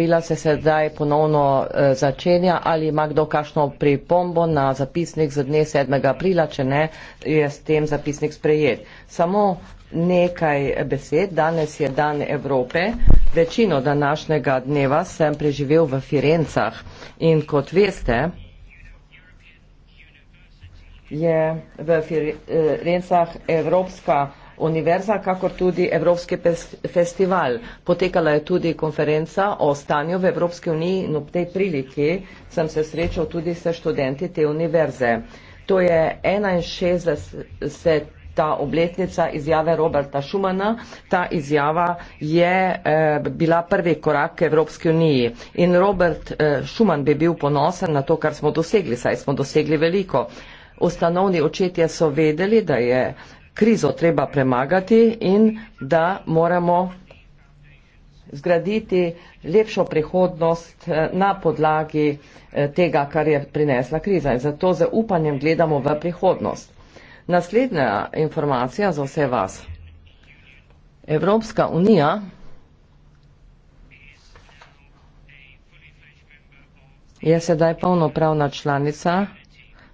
aprila se sedaj ponovno eh, začenja. Ali ima kdo kakšno pripombo na zapisnik za dne 7. aprila, če ne, je s tem zapisnik sprejet. Samo nekaj besed. Danes je dan Evrope. Večino današnjega dneva sem preživel v Firencah in kot veste, je v eh, Firencah Evropska univerza, kakor tudi Evropski festival. Potekala je tudi konferenca o stanju v Evropski uniji in ob tej priliki sem se srečal tudi s študenti te univerze. To je 61 ta obletnica izjave Roberta Šumana, ta izjava je eh, bila prvi korak k Evropski uniji. In Robert Šuman eh, bi bil ponosen na to, kar smo dosegli, saj smo dosegli veliko. Ustanovni očetje so vedeli, da je krizo treba premagati in da moramo zgraditi lepšo prihodnost eh, na podlagi eh, tega, kar je prinesla kriza. In zato z upanjem gledamo v prihodnost. Naslednja informacija za vse vas. Evropska unija je sedaj polnopravna članica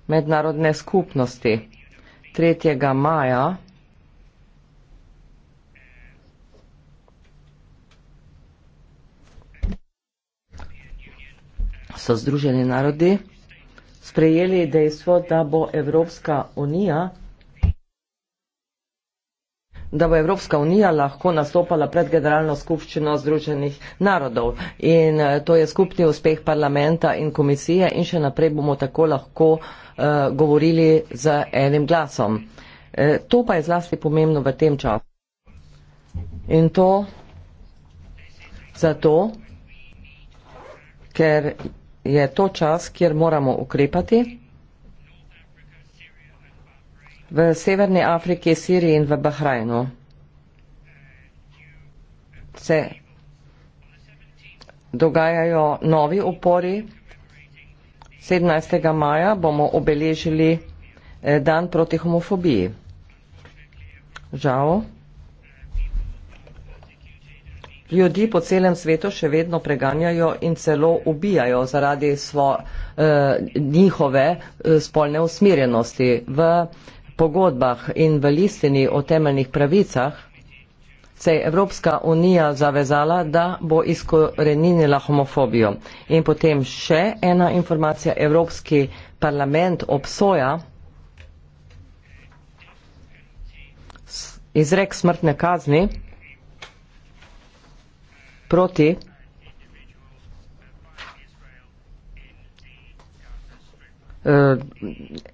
mednarodne skupnosti. 3. maja. So Združeni narodi sprejeli dejstvo, da bo Evropska unija da bo Evropska unija lahko nastopala pred Generalno skupščino Združenih narodov. In eh, to je skupni uspeh parlamenta in komisije in še naprej bomo tako lahko uh, govorili z enim glasom. E, to pa je zlasti pomembno v tem času. In to zato, ker je to čas, kjer moramo ukrepati v Severni Afriki, Siriji in v Bahrajnu. Se dogajajo novi upori. 17. maja bomo obeležili eh, dan proti homofobiji. Žal, ljudi po celem svetu še vedno preganjajo in celo ubijajo zaradi svo, eh, njihove eh, spolne usmirjenosti. V eh, pogodbah in v listini o temeljnih pravicah se je Evropska unija zavezala, da bo izkoreninila homofobijo. In potem še ena informacija, Evropski parlament obsoja izrek smrtne kazni proti eh,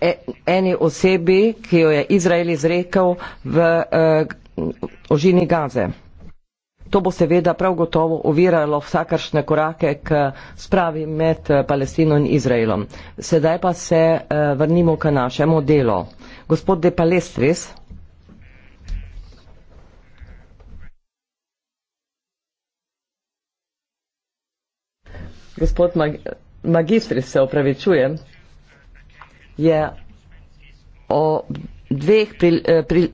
E, eni osebi, ki jo je Izrael izrekel v uh, ožini Gaze. To bo seveda prav gotovo oviralo vsakršne korake k spravi med eh, Palestino in Izraelom. Sedaj pa se uh, vrnimo k našemu delu. Gospod De Palestris. Gospod mag magistris, se opravičujem je o dveh pri, eh, pri,